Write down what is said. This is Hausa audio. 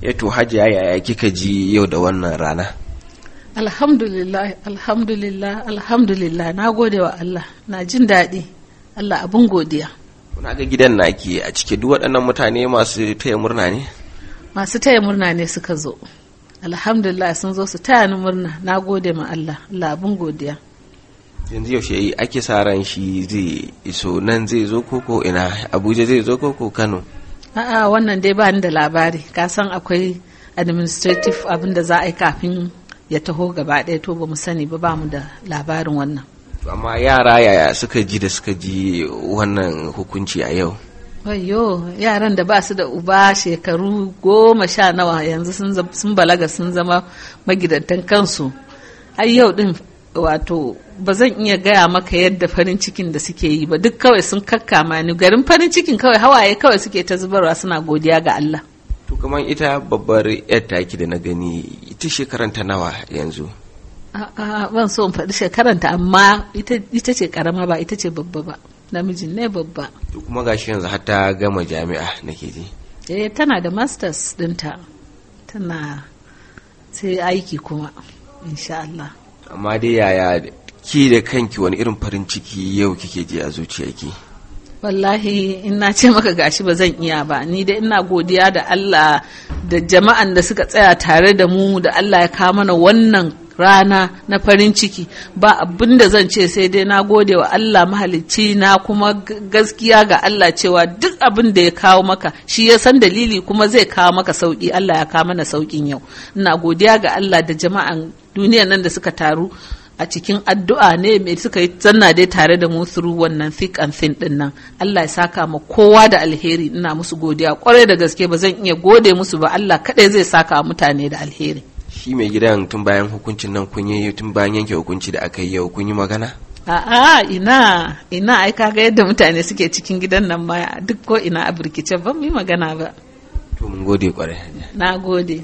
ya eh to hajiya yaya kika ji yau da wannan rana alhamdulillah alhamdulillah alhamdulillah na gode wa Allah na jin daɗi Allah abin godiya kuna ga gidan naki a cike duk waɗannan mutane masu taya murna ne masu taya murna ne suka zo alhamdulillah sun zo su taya ni murna na gode ma Allah Allah abin godiya yanzu yaushe ake sa ran shi zai iso nan zai zo koko ina Abuja zai zo koko Kano a'a wannan dai ba ni da labari ka san akwai administrative abin da za a yi kafin ya taho gaba ɗaya to ba mu sani ba ba mu da labarin wannan amma yara yaya suka ji da suka ji wannan hukunci a yau wayo yaran da ba su da uba shekaru goma sha nawa yanzu sun balaga sun zama magidantan kansu ai yau din wato ba zan iya gaya maka yadda farin cikin da suke yi ba duk kawai sun kakkama ni garin farin cikin kawai hawaye kawai suke ta zubarwa suna godiya ga Allah to kamar ita babbar yar taki da na gani ita shekaranta nawa yanzu a'a ban so in faɗi ta amma ita ce karama ba ita ce babba ba namijin ne babba to kuma gashi yanzu har gama jami'a nake ji eh tana da masters dinta tana sai aiki kuma insha Allah amma dai yaya ki da kanki wani irin farin ciki yau kike ji a zuciyarki wallahi in na ce maka gashi ba zan iya ba ni da ina godiya da Allah da jama'an da suka tsaya tare da mu da Allah ya kawo mana wannan rana na farin ciki ba abin da zan ce sai dai na gode wa Allah mahalicci na kuma gaskiya ga Allah cewa duk abin da ya kawo maka shi ya san dalili kuma zai kawo maka sauki Allah ya kawo mana saukin yau ina godiya ga Allah da jama'an duniya nan da suka taru a cikin addu'a ne mai suka yi zanna dai tare da mu suru wannan thick and thin din nan Allah ya saka ma kowa da alheri ina musu godiya kwarai da gaske ba zan iya gode musu ba Allah kadai zai saka mutane da alheri shi mai gidan tun bayan hukuncin nan kun yi tun bayan yanke hukunci da aka yi yau kun yi magana a'a ina ina ai kaga yadda mutane suke cikin gidan nan ma duk ko ina a birkice ban yi magana ba to mun gode kwarai na gode